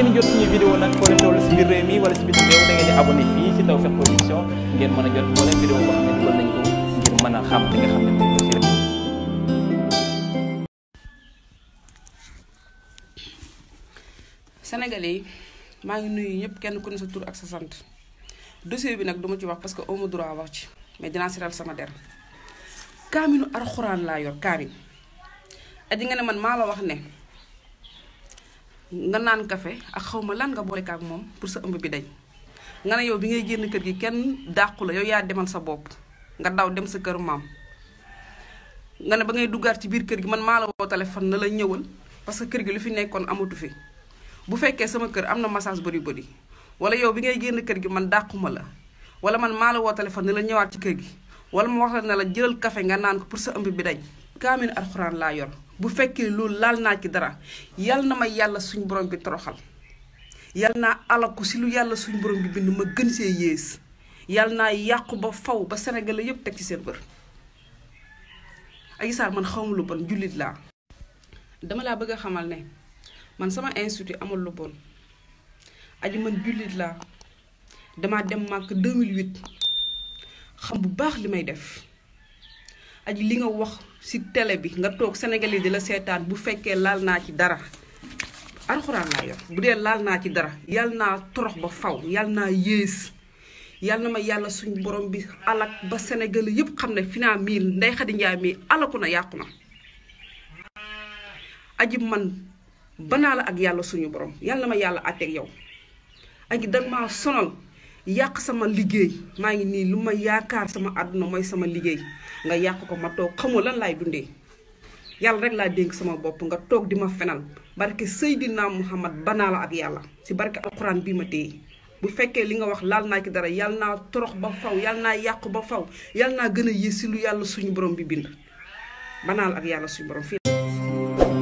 ngeen a jot yi maa ngi nuyu ñëpp kenn ku ne sa tur ak sa sant dossier bi nag duma ci wax parce que amu droit wax ci mais dinaa seetal sama der kaaminu alxuraan laa yor kaamin at nga ne man maa la wax ne. nga naan kafe ak xaw ma lan nga boole ak moom pour sa ëmb bi dañ nga ne yow bi ngay génn kër gi kenn dàqu la yow yaa demal sa bopp nga daw dem sa kër maam nga ne ba ngay duggaat ci biir kër gi man maa la woo téléphone na la ñëwal parce que kër gi lu fi nekkoon amatu fi bu fekkee sama kër am na massage bëri bëri wala yow bi ngay génn kër gi man dàquma la wala man maa la woo téléphone la ñëwaat ci kër gi wala ma wax na la jëlal kafe nga naan ko pour sa ëmb bi dañ kaamil alxuraan laa yor bu fekkee loolu laal naa ci dara yal na ma yàlla suñ borom bi toroxal yal naa alaku si lu yàlla suñ borom bi bind ma gën see yées yal naa yàqu ba faw ba senegal yépp teg ci seen bër Adji man xawma lu bon jullit laa dama laa bëgg a xamal ne man sama institut amul lu bon aji man jullit laa dama dem màkk 2008 xam bu baax li may def aji li nga wax ci tele bi nga toog Sénégalais di la seetaan bu fekkee laal naa ci dara alxuraan laa yor bu dee laal naa ci dara yal naa torox ba faw yal naa yées yal na ma yàlla suñu borom bi alak ba Sénégalais yëpp xam ne finaa mii Ndeye Khady Ndiaye mii alaku na yàqu na aji man banaa la ak yàlla suñu borom yal na ma yàlla àtteeg yow aji dag sonal yàq sama liggéey maa ngi nii lu ma yaakaar sama àdduna mooy sama liggéey nga yàq ko ma toog xamoo lan laay dundee yàlla rek laa dénk sama bopp nga toog di ma fenal barke Seydina Muhammad banaa la ak yàlla si barke alxuraan bii ma téye bu fekkee li nga wax laal naa ki dara yàlla naa torox ba faw yàlla naa yàqu ba faw yàlla naa gën a yées si lu yàlla suñu borom bi bind banaa la ak yàlla suñu borom fii